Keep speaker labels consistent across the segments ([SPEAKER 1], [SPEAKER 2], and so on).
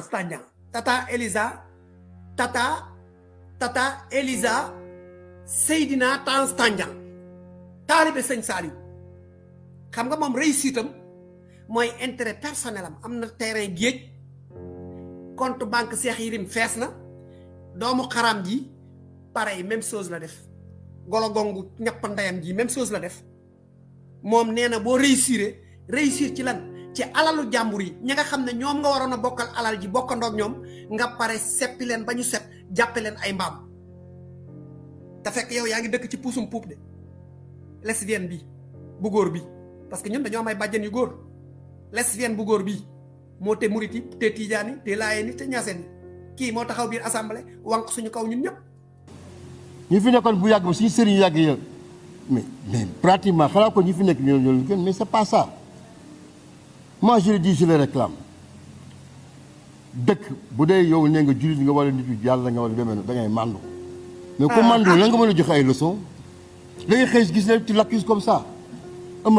[SPEAKER 1] France Tata Elisa Tata Tata Elisa Seydina Tans Tandian taalibe sëñ Saliou xam nga moom réussite mooy intérêt personnel am na terrain géej compte banque Cheikh Yérim fees na doomu xaram ji pareil e même chose la def golo gongu ndeyam ji même sos la def moom nee na boo réussir réussir ci lan ci alalu jàmbur yi ña nga xam ne ñoom nga waroon a bokkal alal ji bokkandoog ñoom nga pare seppi leen ba ñu set jàppe leen ay mbaam te fekk yow yaa ngi dëkk ci puusum puub de lesbienne bi bu góor bi parce que ñun dañoo am ay bàjjen yu góor lesbienne bu góor bi moo te murit yi te tiijaan yi te laayeen yi te ñaaseen kii moo taxaw biir assemblée wànq suñu kaw ñun ñëpp
[SPEAKER 2] ñu fi nekkoon bu yàgg ba suñu sëriñ yu yàgg mais mais pratiquement xanaa ko ñu fi nekk ñoo ñoo mais c'est pas ça moi je le dis je le réclame Dès que y yow vous nga eu nga wala vous avez eu nga wala vous avez mais avez eu la nga Vous avez leçons ngay eu gis ne vous avez comme ça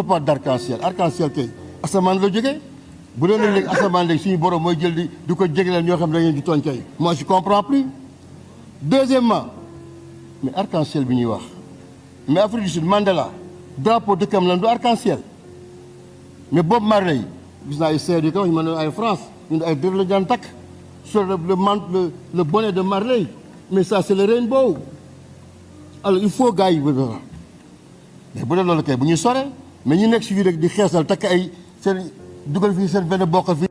[SPEAKER 2] pas darc en ciel arc-en-ciel le asamaan la avez eu le vous le moi je comprends plus deuxièmement mais arc-en-ciel bi mais Afrique Sud Mandela drapeau de arc-en-ciel mais Bob Marley gis naa ay seer yu kaw ñu mel ne ay France ñu ne ay Dër la Jantak sur le le le le bonnet de Marley mais ça c' est le rainbow alors il faut gars yi ba dara mais bu dee loolu kay bu ñuy sore mais ñu nekk si fii rek di xeesal takk ay seen dugal fii seen benn bokkal fii.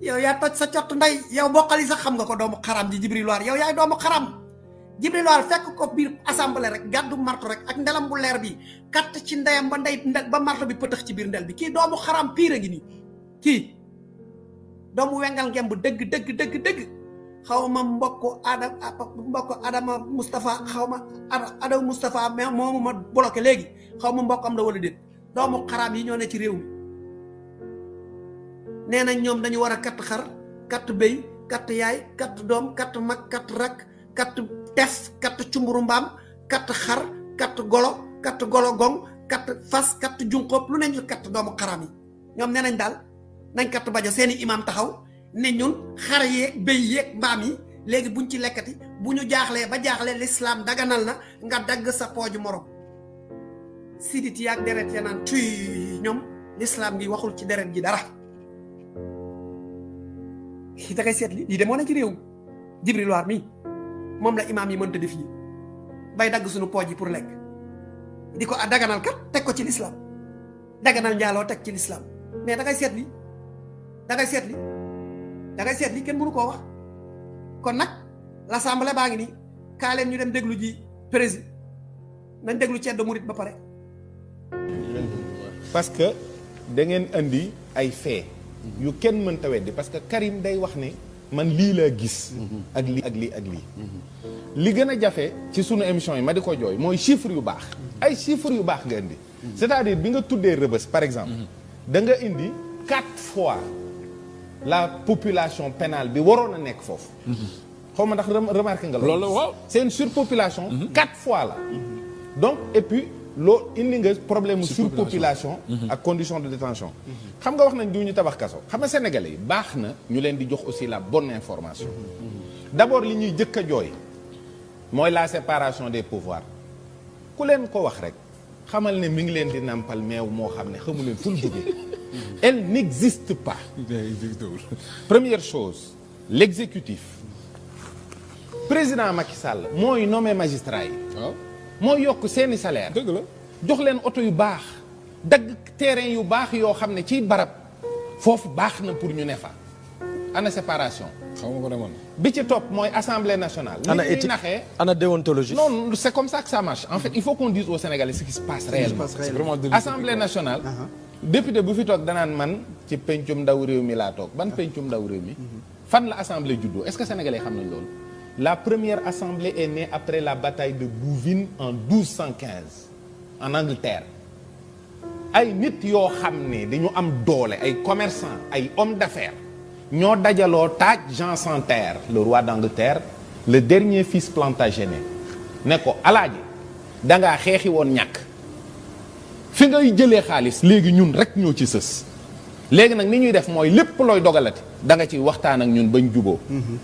[SPEAKER 1] yow yaa toj sa cott ndey yow bokkal yi sax xam nga ko doomu xaram ji Djibril War yow yaay doomu xaram Djibril War fekk ko biir assemblée rek gàddu marto rek ak ndelam bu leer bi katt ci ndeyam ba ndey ba marto bi pëtëx ci biir ndel bi kii doomu xaram pire gi nii do mu wengal ngemb bu deug deug deug deug xawma mbokk adam apa? mbokk adam mustafa xawma adam mustafa momu ma bloqué léegi xawma ma mbokkam la wala do mu kharam yi ñoo ne ci rew mi nee nañ dañu wara kat xar kat bey kat yaay kat dom kat mak kat rak kat tef kat cumburu mbam kat xar kat golo kat golo gong kat fas kat lu neñu kat doomu kharam yi ñom neenañ dal nañ carte badia seen imam taxaw ne ñun xar yeeg béy yeeg mbaam yi léegi buñ ci lekkati bu ñu jaaxlee ba jaaxlee l'islam daganal na nga dagg sa pooju morom sidit yaag deret ya naan tuy ñoom l'islam gi waxul ci deret gi dara da ngay seet li demoon na ci réew jibril war mi moom la imam yi mënta def yi bay dagg suñu pooj yi pour lekk di ko daganal kat teg ko ci l'islam daganal njaaloo teg ci l'islam mais da ngay seet li da ngay seetli da ngay seetli kenn mënu koo wax kon nag l'assemblée baa ngi nii kaa ñu dem déglu ji président nañ déglu ceddo murit ba pare.
[SPEAKER 3] parce
[SPEAKER 4] que da ngeen andi ay fait yu kenn mënta weddi parce que Karim day wax ni man lii laa gis. ak lii ak lii ak lii. li gën a jafe ci sunu émission yi ma di ko jooy mooy chiffre yu baax. ay chiffres yu baax nga indi. cest bi nga tuddee rëbës par exemple. da nga indi quatre fois. la population pénale bi waroon nek nekk foofu. ndax remarqué nga lolu c'est une surpopulation. Mhm. quatre fois là. donc et puis lo indi nga problème surpopulation. Mhm. ak condition de détention mhm. xam nga wax nañ du ñu tabax kasso xam nga sénégalais yi ñu leen di jox aussi la bonne information. d'abord li ñuy jëkka joy moy la séparation des pouvoirs ku leen ko wax rek xamal ne mi ngi leen di nàmpal meew moo xam ne xamu leen ful Mhm. elle n'existe pas. Première chose, l'exécutif. président Macky Sall nommé magistrat Il y a salaire. Il a jox yu terrain yu barab Il pour ñu séparation. xaw ma ko assemblée nationale. déontologie. non c'est comme ça que ça marche en fait il faut qu'on dise au Sénégalais ce qui se passe réellement. assemblée nationale. Uh-huh député bu fi da nan man ci pencum ndaw réew mi laa toog ban pencum ndaw réew mi fan la assemblée juddoo est-ce que sénégalais xam nañ la première assemblée est née après la bataille de Bouvines en 1215 en Angleterre ay nit yo xamné dañu am doolé ay commerçants ay hommes d'affaires ño dajalo taj Jean sans Terre le roi d'Angleterre le dernier fils Plantagenet ne ko da nga xeexi won ñak fi ngay jëlee xaalis léegi ñun rek ñoo ci sës léegi nag ni ñuy def mooy lépp looy dogalati da nga ci waxtaan ak ñun bañ juboo mm-hmm.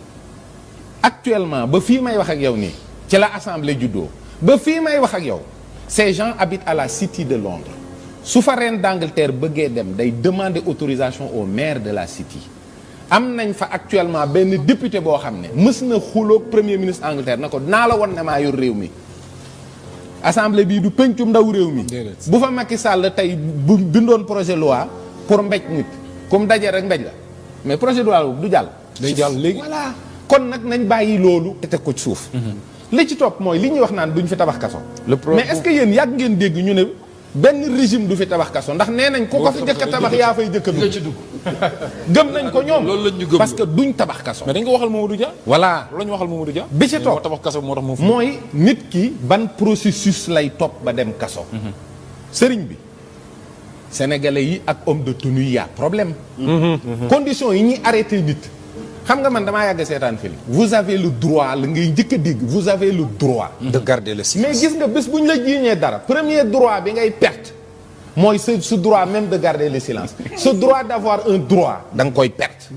[SPEAKER 4] actuellement ba fii may wax ak yow nii ci la assemblée juddoo ba fii may wax ak yow ces gens habitent à la city de Londres su fa reine d'Angleterre bëggee dem day demander autorisation au maire de la city am nañ fa actuellement benn député boo xam ne mës na xuloog premier ministre Angleterre na ko naa la won ne maa yor réew mi assemblée bii du pencum ndaw réew mi. bu fa Macky sàll tey bu bindoon projet loi pour mbéj nit comme daje rek mbéj la mais projet de loi boobu du jàll. day jàll léegi voilà kon nag nañ bàyyi loolu. te te ko ci suuf. Mhm. li ci topp mooy li ñuy wax naan duñ fi tabax kaso.
[SPEAKER 3] mais est-ce que
[SPEAKER 4] yéen yàgg ngeen dégg ñu ne benn régime du fi tabax kaso ndax nee nañ. ku ko fi jëkk a tabax yaa fay jëkk a dugg. gëm nañ ko ñoom loolu lañ ñu que duñ tabax kaso. mais dañ ko waxal Mamadou Dia. voilà loolu la ñu waxal bi ci toog moo tax moo mooy nit ki ban processus lay topp ba dem kaso. Mhm. sëriñ bi sénégalais yi ak homme de tenue yi y'a problème. Mhm. condition yi ñuy arrêté nit. xam nga man damaa yàgg seetaan fii vous avez le droit la ngay njëkk a dégg vous avez le droit. de garder le silence mais gis nga bés bu ñu la jiiñee dara premier droit bi ngay perte. Moi, c'est ce droit même de garder le silence ce droit d'avoir un droit dans quoi il perte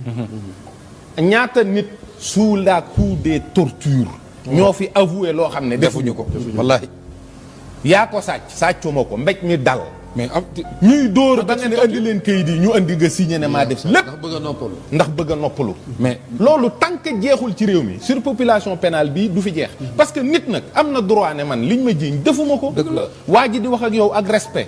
[SPEAKER 4] ñaata nit sous la coup des tortures nous fi avouer lo xam ne défendu wallahi ya ko un sàccuma mako mbéj mi dal mais ñuy Mais il y ne andi len kayit ñu andi nga signé ne ma def bëgg a un ndax bëgg a mais tant que ci réew surpopulation pénale bi du fi parce que nit nak amna droit ne man liñ ma jiiñ defu mako waji di wax ak yow ak respect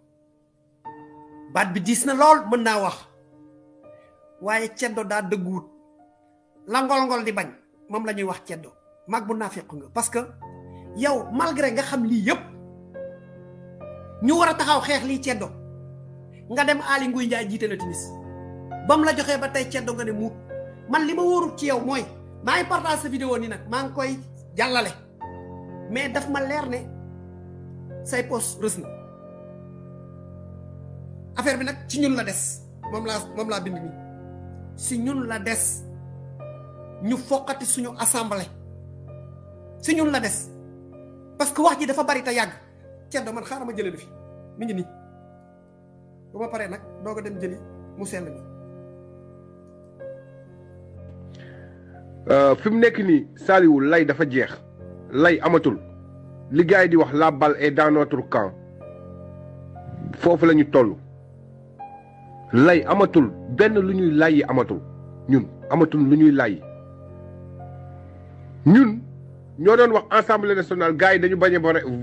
[SPEAKER 1] baat bi diis na lool mën naa wax waaye ceddo daa dëgguut la ngol-ngol di bañ moom la ñuy wax ceddo mag bu naafiq nga parce que yow malgré nga xam lii yépp ñu war a taxaw xeex lii ceddo nga dem aali nguy njaay jiite na timis bam la joxee ba tey ceddo nga ne muut man li ma ci yow mooy maa ngi partage sa vidéo ni nag maa ngi koy jàllale mais daf ma leer ne say pos rës affaire bi nak ci ñun la dess mom la mom la bind ni si ñun la dess ñu fokati suñu assemblée si ñun la dess parce que wax ji dafa bari yag ci do man xaram ma jëlee fi mi ngi ni bu ma paré nak doog dem jëli mu sel ni
[SPEAKER 3] euh fim nek ni Saliou lay dafa jeex lay amatul li gars di wax la balle est dans notre camp fofu lañu tollu lay amatul benn lu ñuy layyi amatul ñun amatul lu ñuy layyi ñun ñoo doon wax assemblée nationale gars yi dañu bañ a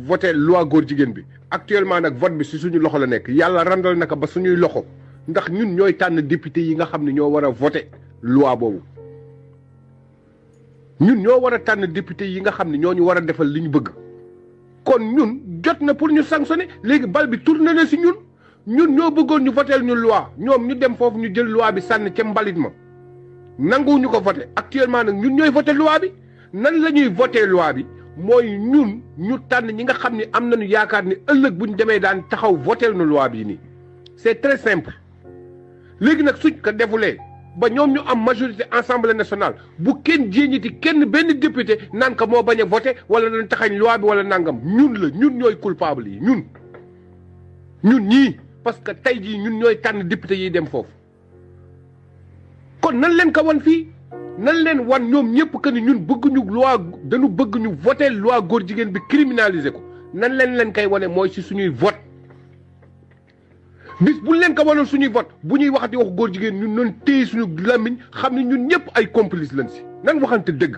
[SPEAKER 3] voté loi góor jigéen bi actuellement nag vote bi si suñu loxo la nekk yàlla randal naka ba suñuy loxo ndax ñun ñooy tànn député yi nga xam ne ñoo war a voté loi boobu ñun ñoo war a tànn député yi nga xam ne ñoo ñu war a defal li ñu bëgg kon ñun jot na pour ñu sanctionner léegi bal bi tourné na si ñun Nous, ñoo bëggoon ñu voté ñu loi nous ñu dem foofu ñu jël loi bi sànni ca mbalit ma ñu ko voté actuellement nag ñun ñooy voté loi bi nan la ñuy voté loi bi ñun ñu ñi nga ne am nañu yaakaar ni ëllëg daan taxaw loi c'est très simple léegi nag suñ ko ba am majorité ensemble nationale bu kenn de kenn benn député naan ko moo wala loi bi wala nangam ñun la ñun ñooy yi ñun parce que tey jii ñun ñooy tànn député yiy dem foofu kon nan leen ko wan fii nan leen wan ñoom ñëpp que ni ñun bëgguñu loi dañu bëgguñu ñu voter loi góor jigéen bi criminaliser ko nan leen leen koy wane mooy si suñuy vote bis bu leen ko wanoon suñuy vote bu ñuy waxati wax góor jigéen ñun noon téye suñu làmmiñ xam ne ñun ñëpp ay complice lañ si nan waxante dëgg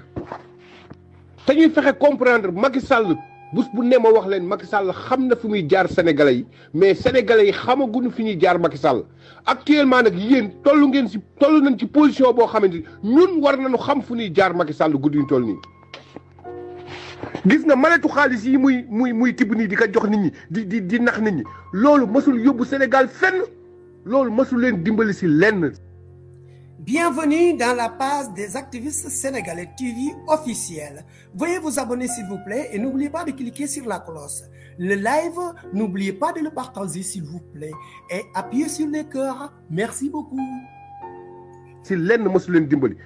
[SPEAKER 3] te ñuy fexe comprendre Macky Sall bus bu nee ma wax leen Macky Sall xam na fi muy jaar sénégalais yi mais sénégalais yi xamaguñu fi ñuy jaar Macky Sall actuellement nag yéen tollu ngeen si toll nañ ci position boo xamante ni ñun war nañu xam fu nuy jaar Macky Sall guddi ñu toll nii. gis nga maletu xaalis yi muy muy muy tibb nii di ko jox nit ñi di di di nax nit ñi loolu masul yóbbu Sénégal fenn loolu masul leen dimbali si lenn.
[SPEAKER 1] Bienvenue dans la page des activistes sénégalais TV officielle. Veuillez vous abonner s'il vous plaît et n'oubliez pas de cliquer sur la cloche.
[SPEAKER 3] Le live, n'oubliez pas de le partager s'il vous plaît et appuyez sur le cœur. Merci beaucoup. Si l'un de leen dimbali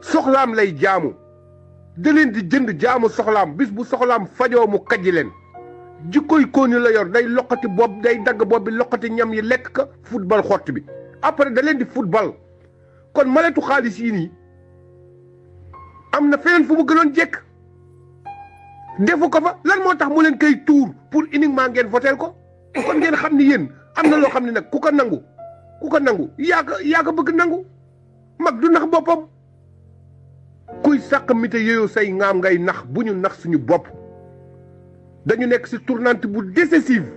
[SPEAKER 3] soxlaam lay jaamu da leen di jënd jaamu soxlaam bis bu soxlaam fajoo mu kajji leen jikkoy kooni la yor day loqati bob, day dagg Bob, bi loqati ñam yi lekk ka football xott bi après da leen di football. kon maletu xaalis yi ni amna na feneen fu mu gënoon jekk defu ko fa lan moo tax mu leen koy tour pour uniquement ngeen voter ko kon ngeen xam ni yéen am na loo xam ne nag ku ko nangu ku ko nangu yaa ko yaa ko bëgg nangu mag du nax boppam kuy sàq mi te yooyu say ngaam ngay nax bu ñu nax suñu bopp dañu nekk ci tournante bu décessive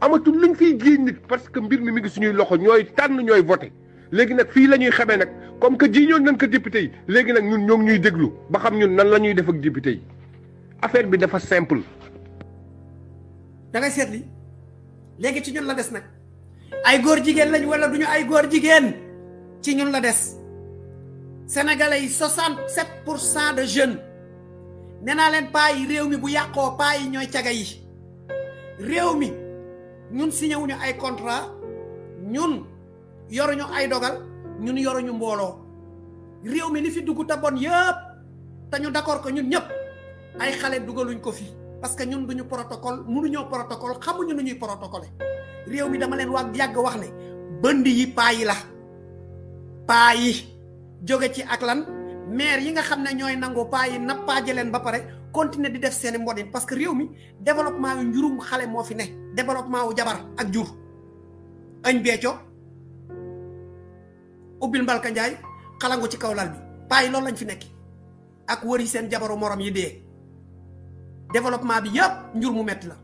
[SPEAKER 3] amatul luñ fiy jiiñ nit parce que mbir mi mi ngi suñuy loxo ñooy tànn ñooy voter léegi nag fii la ñuy xamee nag comme que ji ñoon nañ ko député léegi nag ñun ñoo ñuy déglu ba xam ñun nan la ñuy def ak député yi affaire bi dafa simple.
[SPEAKER 1] da seetli léegi ci ñun la des nag ay góor jigéen lañ wala duñu ay góor jigéen ci ñun la des sénégalais yi 67 pour cent de jeunes nee naa leen paa yi réew mi bu yàqoo paa yi ñooy caga yi réew mi ñun signé wuñu ay contrat ñun. yoruñu ay dogal ñun yoruñu mbolo réew mi li fi dugg te bon yépp te ñu d'accord ko ñun ñëpp ay xale dugaluñ ko fi parce que ñun duñu protocole mënuñoo protocole xamuñu nu ñuy protocole réew mi dama leen wax yàgg wax ne bënd yi paa la paa joge ci ak lan maire yi nga xam ne ñooy ba pare continuer di def seeni mbodin parce que réew mi développement yu njurum xale moo fi ne développement wu jabar ak jur añ beeco ubbil mbalka jai, xalangu ci kawlal bi pay loolu lañ fi nek ak wëri seen jabaro morom yi de développement bi yépp njur mu metti la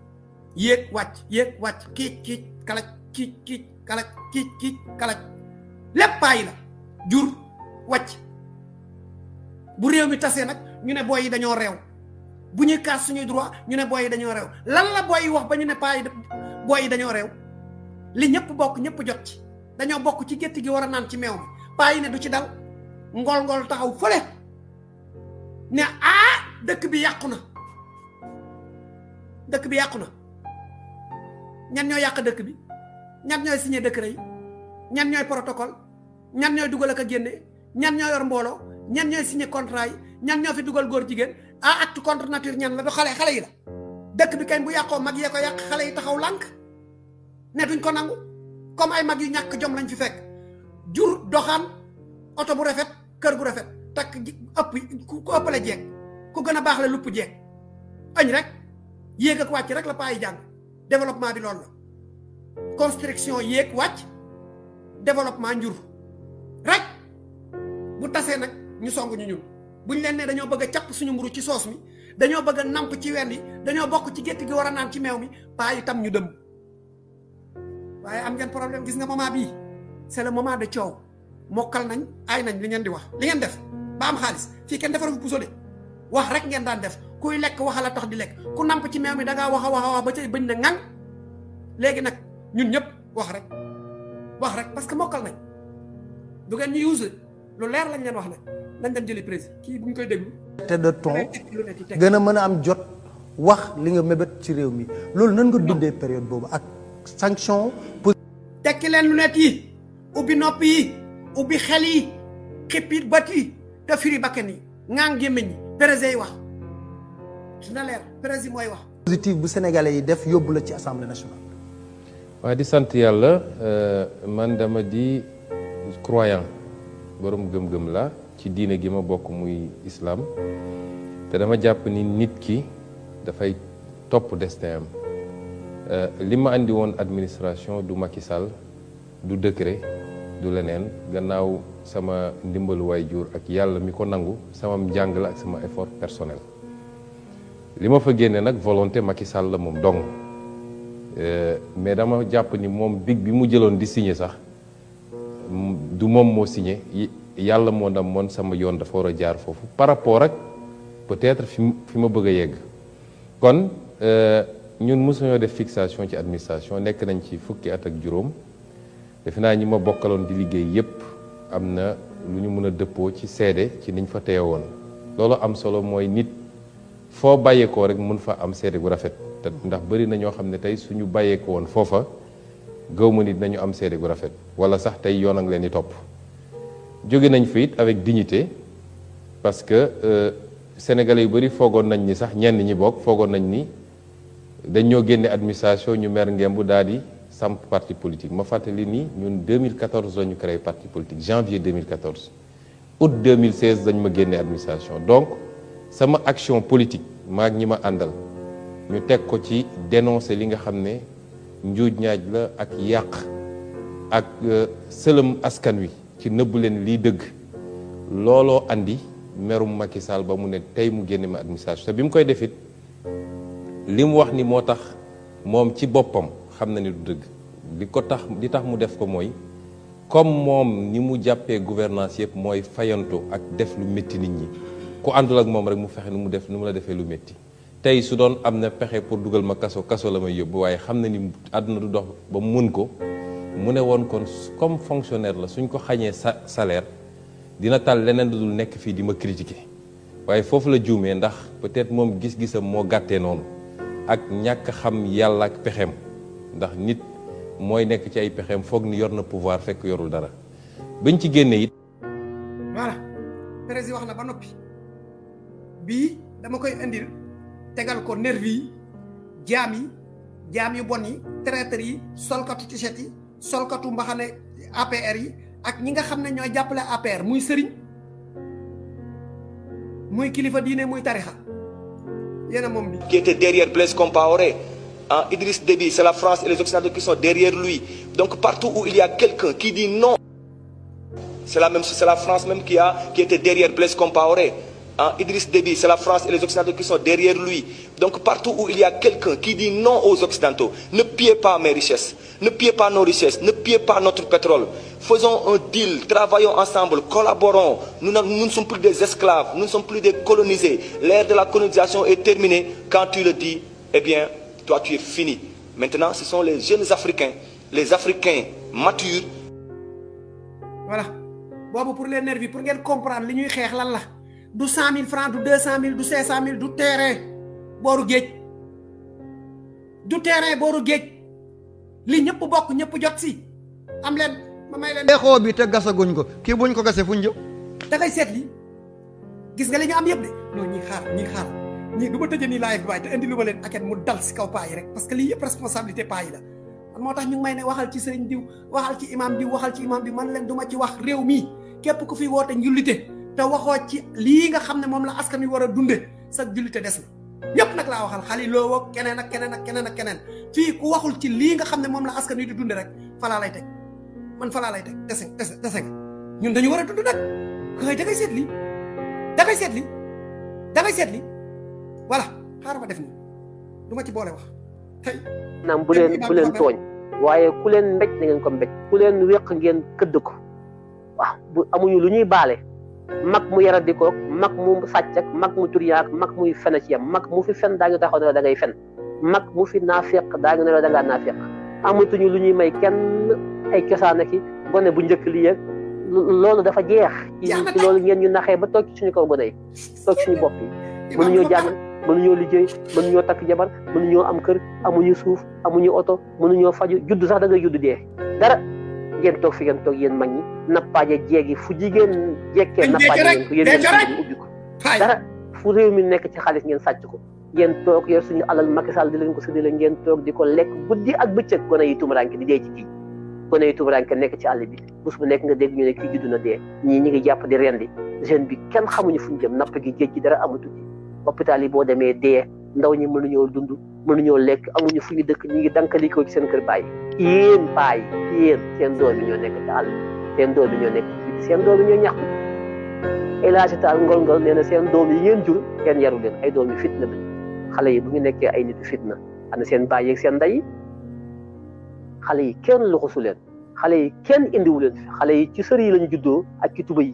[SPEAKER 1] yéeg wacc yéeg wacc ki ki kala ki ki kala ki ki kala lepp pay la jur wacc bu rew mi tassé nak ñu né boy yi dañoo rew bu ñu kaas suñu droit ñu né boy yi dañoo rew lan la boy yi wax ba ñu né pay yi boy yi dañoo rew li ñepp bok ñepp jot ci dañu bokk ci gétt gi wara naan ci meew mi bàyyi ne du ci dal ngol ngol taxaw fele ne a ah, dëkk bi yàqu na dëkk bi yàqu na ñan ñoy yàq dëkk bi ñan ñoy signé décret yi ñan ñoy protocole ñan ñoy dugal ak a ñan ñoy yor mbooloo ñan ñoy signé contrat yi ñan ñoo fi dugal góor jigéen a ah, acte contre nature ñan la du xale xale yi la dëkk bi kañ bu yàqoo mag ko yàq yi taxaw lànk ne duñ ko nangu comme ay mag yu ñàkk jom lañ fi fekk jur doxan oto bu rafet kër gu rafet takk ëpp ku ëppale jeeg ku gën a baax la lupp jeeg añ rek yéeg ak wàcc rek la paa yi jàng développement bi loolu la construction yéeg wàcc développement njur rek bu tasee nag ñu song ñu ñun buñ leen ne dañoo bëgg a càpp suñu mburu ci soos mi dañoo bëgg a namp ci wenn yi dañoo bokk ci gétt gi war a naan ci meew mi paa yi tam ñu dëmm waaye am ngeen problème gis nga moment bii c'est le moment de coow mokkal nañ ay nañ li ngeen di wax li ngeen def ba am xaalis fii kenn defaru puso de wax rek ngeen daan def kuy lekk waxa la tax di lekk ku namp ci meew mi da ngaa wax a wax wax ba ca bañ na ngang léegi nag ñun ñëpp wax rek wax rek parce que mokkal nañ du ngeen ñu use lu leer lañ leen wax nag nañ dem jëli président kii bu koy déglu te de ton gën a am jot wax li nga mebet ci réew mi loolu nan nga dundee période boobu ak sanction tekki leen lunettes yi ubbi nopp yi ubbi xel yi xippi bët yi te firi bakkan yi ŋaan gémmiñ yi yi wax dina leer président mooy wax
[SPEAKER 4] positif bu sénégalais yi def yóbbu la ci assemblée nationale
[SPEAKER 5] waaye di sant yàlla euh, man dama di croyant boroom gëm-gëm la ci diine gi ma bokk muy islaam te dama jàpp ni nit ki dafay topp destin am Eh, Lima andiwan andi won administration du Macky Sall du décret du lenen gannaaw sama ndimbalu jur ak yalla mi ko nangu sama njàng ak sama effort personnel Lima fa génne nak volonté Macky Sall la mom dong eh, mais dama japp ni mom big bi mu jëlone di signer sax du mom mo signer yalla mo dam mon sama yoon da war a jaar fofu par rapport ak peut-être fi fi ma bëgg yegg kon eh, nous avons def fixation ci administration nekk nañ ci fukki at ak juróom ma di yépp na lu ñu ci seede ci niñ fa loolu am solo mooy nit foo bàyyeekoo rek mun fa am seede bu rafet ndax bëri na ñoo xam ne suñu bàyyeekoo woon foofa gëw ma nit nañu am rafet wala sax tey yoon leen di nañ avec dignité parce que euh, sénégalais yu bëri foogoon nañ ni sax ñenn dañ ñoo génne administration ñu mer ngembu daal di samp parti politique ma fàttali ni ñun 2014 la ñu créé parti politique janvier 2014 août 2016 dañ ma génne administration donc sama action politique maag ñi ma àndal ñu teg ko ci dénoncer li nga xam ne njuuj ñaaj la ak yàq ak euh, sëlëm askan wi ci nëbbu leen lii dëgg looloo andi merum Macky Sall ba mu ne tey mu génne ma administration te bi mu koy defit lim wax ni motax mom ci bopam xamna ni du deug li ko tax di tax mu def ko moy comme mom ni mu jappé gouvernance yëpp moy fayanto ak def lu metti nit ñi ku andul ak mom rek mu fexé mu def nu mu la défé lu metti tay su doon amna pexé pour dugal ma kasso kasso la may yobbu waye xamna ni aduna du dox ba mën ko mu né won kon comme fonctionnaire la suñ ko xagné salaire dina tal lenen dul nek fi di ma critiquer waye fofu la juumee ndax peut-être mom gis-gisam mo gatté ak ñak xam yalla ak pexem ndax nit moy nek ci ay pexem fogg ni yor na pouvoir fekk yorul dara buñ ci génné it
[SPEAKER 1] wala président wax na ba nopi bi dama koy andil tegal ko nervi jami, jami yi jaam yu bon yi traître yi solkatu t-shirt yi mbaxane APR yi ak ñi nga xam ne ñooy jàppale APR muy sëriñ muy
[SPEAKER 3] kilifa diiné muy tarixa qui était derrière Blaise Compaoré. Hein, Idriss Déby, c'est la France et les Occidentaux qui sont derrière lui. Donc partout où il y a quelqu'un qui dit non, c'est la, même, la France même qui, a, qui était derrière Blaise Compaoré. Hein, Idriss Déby, c'est la France et les Occidentaux qui sont derrière lui. Donc partout où il y a quelqu'un qui dit non aux Occidentaux, ne piez pas mes richesses, ne piez pas nos richesses, ne piez pas notre pétrole, faisons un deal, travaillons ensemble, collaborons. Nous, ne sommes plus des esclaves, nous ne sommes plus des colonisés. L'ère de la colonisation est terminée. Quand tu le dis, eh bien, toi, tu es fini. Maintenant, ce sont les jeunes Africains, les Africains matures.
[SPEAKER 1] Voilà. pour les nervis pour qu'elle comprendre les ñuy 200 lan francs du 000, cent 000, du terres. mille du terrain Les gens du terrain booru géej li ñëpp pas ñëpp jot am ma may leen xoo bi te gasaguñ ko kii buñ ko gasee fuñ jëm da ngay seet li gis nga li ñu am yëpp de non ñi xaar ñi xaar ñi du ma tëjee nii live waaye te indi lu ma leen aket mu dal si kaw paa rek parce que lii yëpp responsabilité paa la moo tax ñu may ne waxal ci sëriñ diw waxal ci imam diw waxal ci imam bi man leen duma ci wax réew mi. képp ku fi woote njullite te waxoo ci lii nga xam ne moom la askan wi war a dunde sa jullite des na ñëpp nag laa waxal xali loo woog ak keneen ak keneen ak keneen fii ku waxul ci lii nga xam ne moom la askan wi di dunde rek falaa lay teg man fa laa dese dese nga ñun dañu war a dund nag xëy da ngay seet lii xaaral ma def nii du ma ci boole wax tey.
[SPEAKER 6] naam bu leen bu leen tooñ. waaye ku leen mbéj na ngeen ko mbéj. ku leen wéq ngeen këdd ko waaw bu amuñu lu ñuy baale. mag mu yaradi ko mu sàcc ak mag muy fen ci yam mag mu fi fen da ngay fen mag mu fi naafeq daa ngi ne la amatuñu lu ñuy may kenn. ay cosaan ak i gone bu njëkk li yëg loolu dafa jeex ci loolu ngeen ñu naxee ba toog suñu kaw gone yi toog suñu bopp
[SPEAKER 5] yi mënuñoo jàng
[SPEAKER 6] mënuñoo liggéey mënuñoo takk jabar mënuñoo am kër amuñu suuf amuñu oto mënuñoo faju judd sax da ngay judd dee dara ngeen toog fi ngeen toog yéen mag ñi nappaaje jeegi fu jigéen jekkee nappaaje ngeen ko yéen ngeen ko dara fu réew mi nekk xaalis ngeen sàcc ko ngeen toog yor suñu alal Macky Sall di leen ko séddale ngeen toog di ko lekk guddi ak bëccëg gone yi tumuraanke di dee ci kii gone yi tubaranke nekk ci àll bi bés bu nekk nga dégg ñu ne kii juddu na dee ñii ñi ngi jàpp di rendi jeune bi kenn xamuñu fu ñu jëm napp gi géej gi dara amatu ci hôpital yi boo demee dee ndaw ñi mënuñoo dund mënuñoo lekk amuñu fu ñu dëkk ñi ngi dankalikoo ci seen kër bàyyi yéen bàyyi yéen seen doom yi ñoo nekk ci àll seen doom seen doom bi ñoo ñàkk élage taal ngol-ngol nee seen doom yi ngeen jur kenn yaru leen ay doom yi fitna bi xale yi bu ñu nekkee ay nitu fitna ana seen bàyyi ak seen ndey xale yi kenn luxusu leen xale yi kenn indiwu leen xale yi ci sër yi lañu juddoo ak ci tuba yi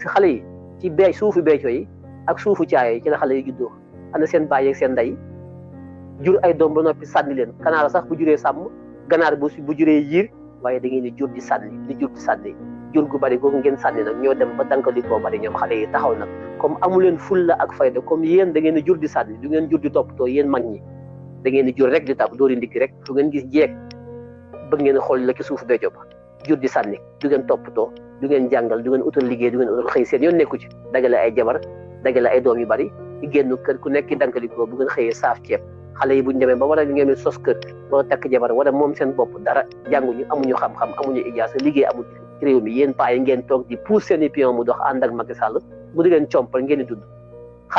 [SPEAKER 6] fi xale yi ci bee suufu beeco yi ak suufu caaya yi ci la xale yi juddoo ana seen baay ak seen ndey jur ay doom ba noppi sànni leen kanaara sax bu juree sàmm ganaar bu bu juree yiir waaye da ngeen di jur di sànni di jur di sànni jur gu bari googu ngeen sànni nag ñoo dem ba dankali koo bari ñoom xale yi taxaw nag comme amu leen fulla ak fayda comme yéen da ngeen jur di sànni du ngeen jur di toppatoo yéen ñi da ngeen di jur rek di tàpp dóori ndikki rek fu ngeen gis jeeg ba ngeen xol la ci suuf bécco jop jur di sanni du ngeen toppatoo du ngeen jangal du ngeen outal liggéey du ngeen outal xey seen yon neeku ci dagale ay jabar dagale ay doom yu bari di génn kër ku nekk ko bu ngeen xëyee saaf ciep xalé yi buñ demee ba wala ngeen sos kër war tak jabar wala mom seen bop dara jànguñu amuñu xam-xam amuñu ijaas liggéey amu ci rew mi yeen paay ngeen tok di pousse seen pion mu dox ànd ak Macky Sall bu di ngeen chompal ngeen di dund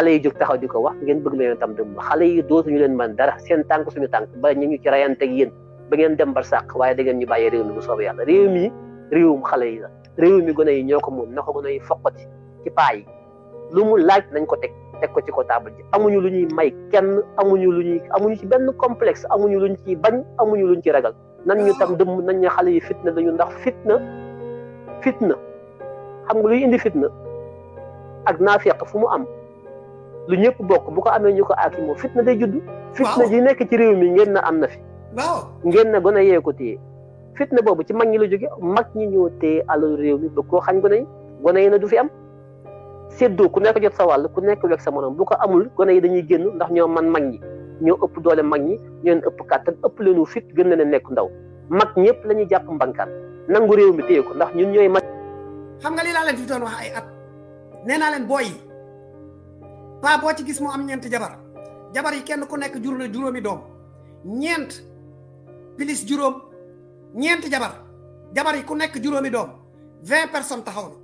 [SPEAKER 6] yi jóg taxaw diko wax ngeen bëgg leen tam dem xalé yi dootuñu leen man dara seen tank suñu tank ba ñu ñu ci rayante ak yeen ba ngeen dem bar sàq waaye da ngeen ñu bàyyi réew mi bu soobee yàlla réew mi réewum xale yi réew mi gone yi ñoo ko moom na ko gone yi foqati ci paa yi lu mu laaj nañ ko teg teg ko ci ko table ji amuñu lu ñuy may kenn amuñu lu ñuy amuñu ci benn complexe amuñu luñ ci bañ amuñu luñ ci ragal nan ñu tam dëmm nañ ñu xale yi fitna dañu ndax fitna fitna xam nga luy indi fitna ak naafeq fu mu am lu ñëpp bokk bu ko amee ñu ko aaki moom fitna day judd fitna ji nekk ci réew mi ngeen na am na fi waaw ngeen na gën yee ko téye fitna boobu ci mag ñi la jóge mag ñi ñoo téye alalu réew mi ba koo xañ gone yi gone yi na du fi am séddoo ku nekk jot sa wàll ku nekk wekk sa morom bu ko amul gone dañuy génn ndax ñoo man mag ñi ñoo ëpp doole mag ñi ñoo ëpp kàttan ëpp leenu fit gën na leen nekk ndaw mag ñëpp la ñuy jàpp mbankaan nangu réew mi téye
[SPEAKER 1] ndax ñun ñooy mag xam nga leen fi doon wax ay nee naa leen booy yi paa boo ci gis moo am ñeent jabar jabar yi kenn ku nekk jur na juróomi doom ñeent plus juróom ñeenti jabar jabar yi ku nekk juróomi doom vingt personnes taxaw na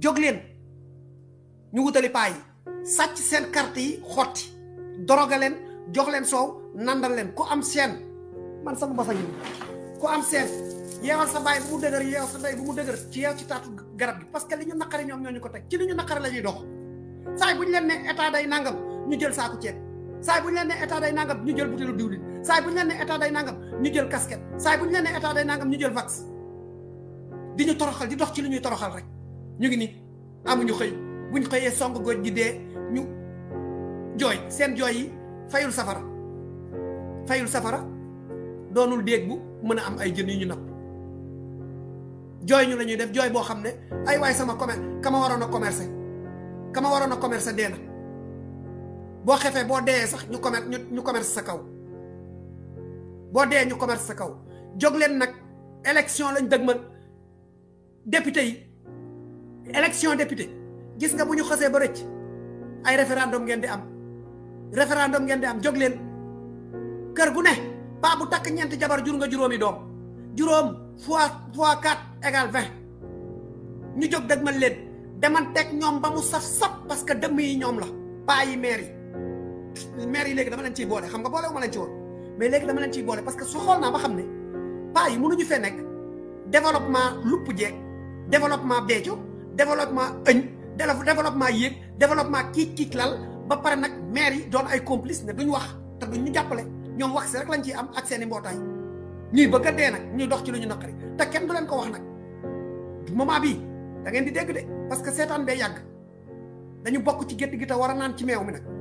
[SPEAKER 1] jóg leen ñu wutali paa yi sàcc seen carte yi xotti droga leen jox leen soow nandal leen ku am seen man sama basa ngi ku am seen yeewal sa bàyyi bu mu dëgër yeewal sa ndey bu mu dëgër ci yeew ci taatu garab gi parce que li ñu naqari ñoom ñoo ñu ko teg ci li ñu naqari la ñuy dox saay bu ñu leen ne état day nangam ñu jël saaku ceeb saay bu ñu leen ne état day nangam ñu jël butéelu diwlin saay bu ñu leen ne day nangam ñu jël kasket saay bu ñu leen ne état day nangam ñu jël vax di ñu toroxal di dox ci li ñuy toroxal rek ñu ngi nii amuñu xëy buñ xëyee song góoj gi dee ñu jooy seen jooy yi fayul safara fayul safara doonul déeg bu mën a am ay jën yu ñu napp jooy ñu la ñuy def jooy boo xam ne ay waay sama comme kama waroon a commercer kama waroon a commercer dee na bo xefe bo dee sax ñu commerce ñu ñu commerce sa kaw bo dee ñu commerce sa kaw jog leen nag élection lañ dëgmal député yi élection député gis nga bu ñu xasee ba rëcc ay référendum ngeen di am référendum ngeen di am jog leen kër gu ne pa bu takk ñent jabar jur nga juróomi doom juróom fois fois quatre égal vingt ñu jog dëgmal leen demanteeg ñoom ba mu saf sap parce que dëmm yi ñoom la paa yi maire yi mère yi léegi dama leen ciy boole xam nga boole wuma ma leen ci woon mais léegi dama leen ciy boole parce que su xool naa ba xam ne paa yi mënuñu fee nekk développement lupp jeeg développement beeco développement ëñ développement yéeg développement kiic kiic lal ba pare nag mère yi doon ay complice ne duñ wax te duñ ñu jàppale ñoom wax si rek lañ ciy am ak seen i mbootaay ñuy bëgg a dee nag ñuy dox ci lu ñu naqari te kenn du leen ko wax nag moment bii da ngeen di dégg de parce que seetaan bee yàgg dañu bokk ci gétt gi te war a naan ci meew mi nag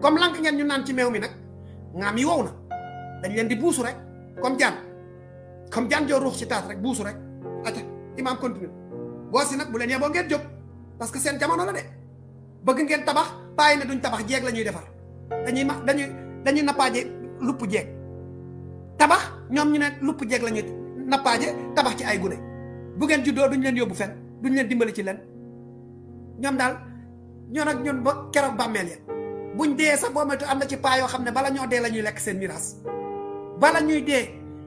[SPEAKER 1] comme lank ngeen ñu naan ci meew mi nag ngaam yi wow na dañ leen di buusu rek comme jaan comme jaan joo ruh ci taat rek buusu rek aca imam continue boo si nag bu leen yabo ngeen job parce que seen jamono la de bëgg ngeen tabax bàyyi far, duñ tabax jeeg lañuy ñuy dañuy ma dañuy dañuy nappaaje lupp jeeg tabax ñom ñu ne lupp jeeg lañuy ñuy nappaaje tabax ci ay gune bu ngeen juddoo duñ leen yóbbu fen duñ leen dimbali ci leen ñom dal ñoo nag ñun ba kérok bàmmeel ya buñ dee sax boo moytu am na ci paa yoo xam ne bala ñoo dee la lekk seen miraas bala ñuy dee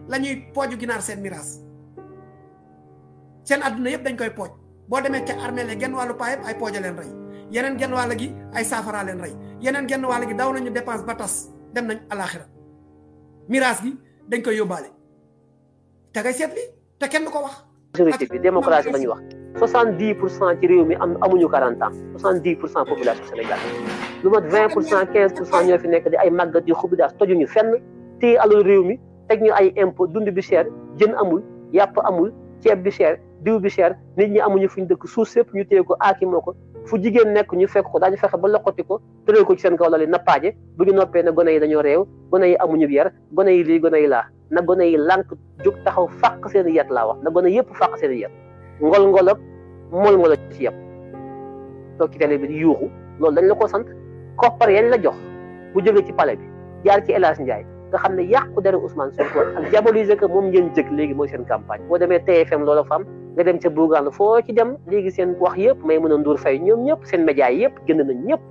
[SPEAKER 1] la ñuy pooju ginaar seen miraas seen adduna yëpp dañ koy pooj boo demee ca armée genn wàllu paa ay pooja leen rey yeneen genn wàll gi ay saafaraa leen rey yeneen genn wàll gi daw nañu dépense ba tas dem nañ alaxira miraas gi dañ koy yóbbaale te ngay seetli te kenn ko wax.
[SPEAKER 6] majorité bi ñu wax soixante dix pour cent ci réew mi am amuñu quarante ans lu mat vingt pour cent quinze pour cent ñoo fi nekk di ay màggat yu xubidaas tojuñu fenn téye alalu réew mi teg ñu ay impôt dund bi cher jën amul yàpp amul ceeb bi cher diw bi nit ñi amuñu ñu dëkk suuf sépp ñu téye ko aaki moo ko fu jigéen nekk ñu fekk ko daañu fexe ba loqati ko tëree ko ci seen kaw lali nappaaje bu ñu noppee ne gone yi dañoo reew gone yi amuñu yar gone yi lii gone yi laa na gone yi lànk jóg taxaw fàq seen yet laa wax na gone yëpp fàq seen yet ngol ngol ak mol ngol ci yëpp toog ci loolu dañ la ko sant koppar yañ la jox bu jóge ci palais bi jaar ci El Hadj Ndiaye nga xam ne yàqu dara Ousmane Sonko ak diaboliser que moom ngeen jëg léegi mooy seen campagne boo demee TFM loola fa am nga dem ca Bougane foo ci dem léegi seen wax yëpp may mën a nduur fay ñoom ñëpp seen média yëpp génn nañ ñëpp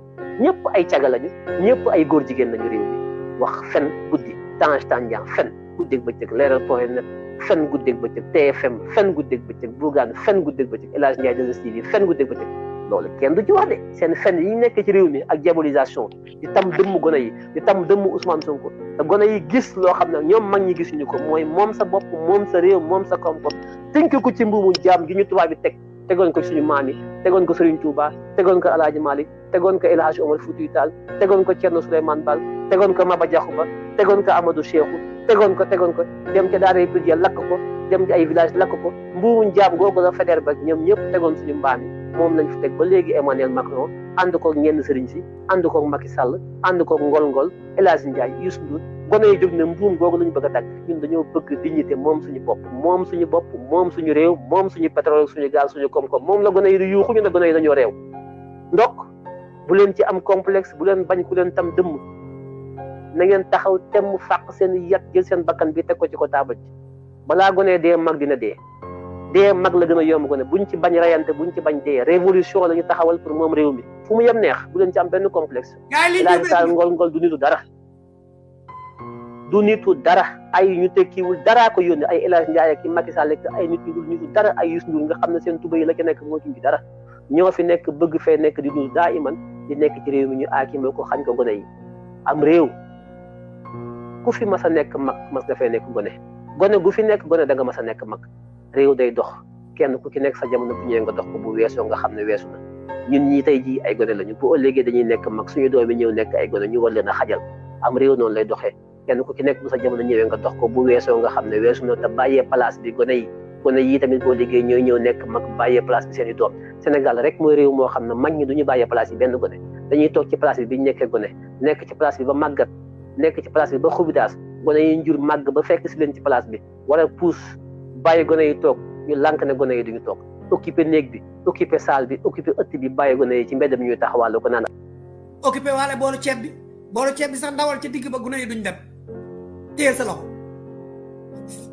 [SPEAKER 6] ñëpp ay caga lañu ñëpp ay góor jigéen lañu réew mi wax fen guddi Tange Tandian fen guddeeg bëccëg leeral point net fen guddeeg bëccëg TFM fen guddeeg bëccëg Bougane fen guddeeg bëccëg El Hadj Ndiaye de fen guddeeg bëccëg loolu kenn du ci wax de seen fen yi nekk ci réew mi ak diabolisation di tam dëmm gone yi di tam dëmm Ousmane Sonko ko gone yi gis loo xam ne ñoom mag ñi gisuñu ko mooy moom sa bopp moom sa réew moom sa koom-koom tënk ko ci mbuumu jaam gi ñu tubaab bi teg tegoon ko suñu maam yi tegoon ko Serigne Touba tegoon ko El Hadj Malick tegoon ko El Hadj Omar Foutiyou tegoon ko Thierno Souleymane Bal tegoon ko Maba Diakhou Ba tegoon ko Amadou Cheikhou tegoon ko tegoon ko dem ca daara yi lakk ko dem ci ay village lakk ko mbuumu jaam googu la Faidherbe ba ñoom ñëpp tegoon suñu mbaam yi moom lañ fi teg ba léegi Emmanuel Macron ànd koog ñenn sëriñ si ànd kook Macky Sall ànd kook ngol-ngol El Hadj Ndiaye Youssou Ndour gone yi jóg ne mbuum googu lañu bëgg a dagg ñun dañoo bëgg dignité moom suñu bopp moom suñu bopp moom suñu réew moom suñu pétrole suñu gaz suñu koom-koom moom la gone yi di yuuxu ñu ne gone yi dañoo réew ndok bu leen ci am complexe bu leen bañ ku leen tam dëmm na ngeen taxaw temm fàq seen yat jël seen bakkan bi teg ko ci ko taabal ci balaa gone dee mag dina dee dee mag la gën a yomb ko ne buñ ci bañ bu buñ ci bañ dee révolution la ñu taxawal pour moom réew mi fu mu yem neex bu leen ci am benn complexe laaj saal ngol ngol du nitu dara du nitu dara ay ñu tekkiwul daraa ko yónni ay El Hadj ki Macky Sall ak ay nit yu dul nitu dara ay Youssou Ndour nga xam ne seen tubéy la ca nekk moo ci dara ñoo fi nekk bëgg fee nekk di dund daa iman di nekk ci réew mi ñu aakimoo ko xañ ko gone yi am réew ku fi mas a nekk mag mas nga fee nekk gone gone gu fi nekk gone da nga mas a nekk mag réew day dox kenn ku ci nekk sa jamono bu ñëwee nga dox ko bu weesoo nga xam ne weesu na ñun ñi tey ji ay gone lañu bu ëllëgee dañuy nekk mag suñu doom yi ñëw nekk ay gone ñu war leen a xajal am réew noonu lay doxee nekk bu sa jamono ñëwee nga dox ko bu weesoo nga ne weesu na te bàyyee place bi gone yi gone yi tamit boo liggéey ñooy ñëw nekk mag bàyyee place bi seen i doom Sénégal rek mooy réew moo xam ne mag ñi duñu bàyyee place yi benn gone dañuy toog ci place bi biñu nekkee gone nekk ci place bi ba màggat nekk ci place bi ba xubidaas gone yi njur màgg ba fekk si leen ci place bi wala puus bàyyi gone yi toog ñu lànk ne gone yi duñu toog occupé néeg bi occupé salle bi occupé ëtt bi bàyyi gone yi ci mbedd mi ñuy taxawàllu ko naan.
[SPEAKER 1] occupé waale boolu ceeb bi boolu ceeb bi sax ndawal ca digg ba gune yi duñ dem téye sa loxo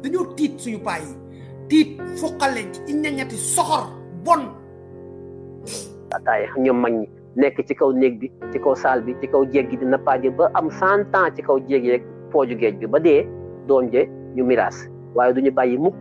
[SPEAKER 1] dañoo tiit suñu paa yi tiit fuqal leen ci ñañati soxor bon.
[SPEAKER 6] ataay ñoom mag ñi nekk ci kaw néeg bi ci kaw saal bi ci kaw jéeg gi dina paaje ba am cent ans ci kaw jéeg pooju géej bi ba dee doom je ñu miraas waaye duñu bàyyi mukk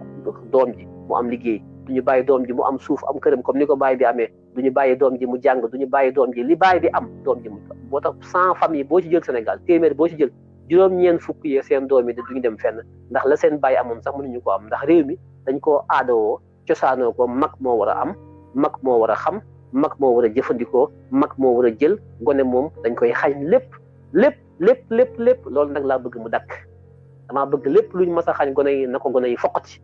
[SPEAKER 6] doom ji mu am liggéey du ñu bàyyi doom ji mu am suuf am këram comme ni ko bàyyi bi amee du ñu bàyyi doom ji mu jàng du ñu bàyyi doom ji li baay bi am doom ji mu moo tax cent famille boo ci jël Sénégal téeméer boo ci jël juróom-ñeent fukk yee seen doom yi du ñu dem fenn ndax la seen baay amoon sax mënuñu ko am ndax réew mi dañ koo aadawoo cosaanoo ko mag moo war a am mag moo war a xam mag moo war a jëfandikoo mag moo war a jël gone moom dañ koy xañ lépp lépp lépp lépp lépp loolu nag laa bëgg mu dakk damaa bëgg lépp luñ mas a xañ gone yi na ko gone yi foqati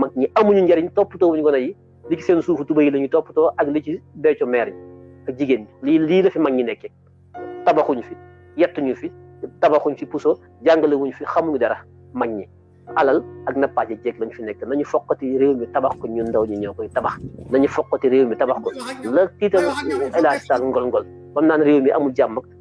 [SPEAKER 6] mag ñi amuñu njariñ toppatoo wuñu gone yi li ci seen suufu tuba yi la ñuy toppatoo ak li ci becco meer yi ak jigéen ñi lii lii la fi mag ñi nekkee tabaxuñu fi yettuñu fi tabaxuñ fi puso jàngalewuñ fi xamuñu dara mag ñi alal ak nappaaje jeeg lañ fi nekk nañu foqati réew mi tabax ko ñu ndaw ñi ñoo koy tabax nañu foqati réew mi tabax ko la tiitam El Hadj Sall ngol-ngol bam naan réew mi amul jàmm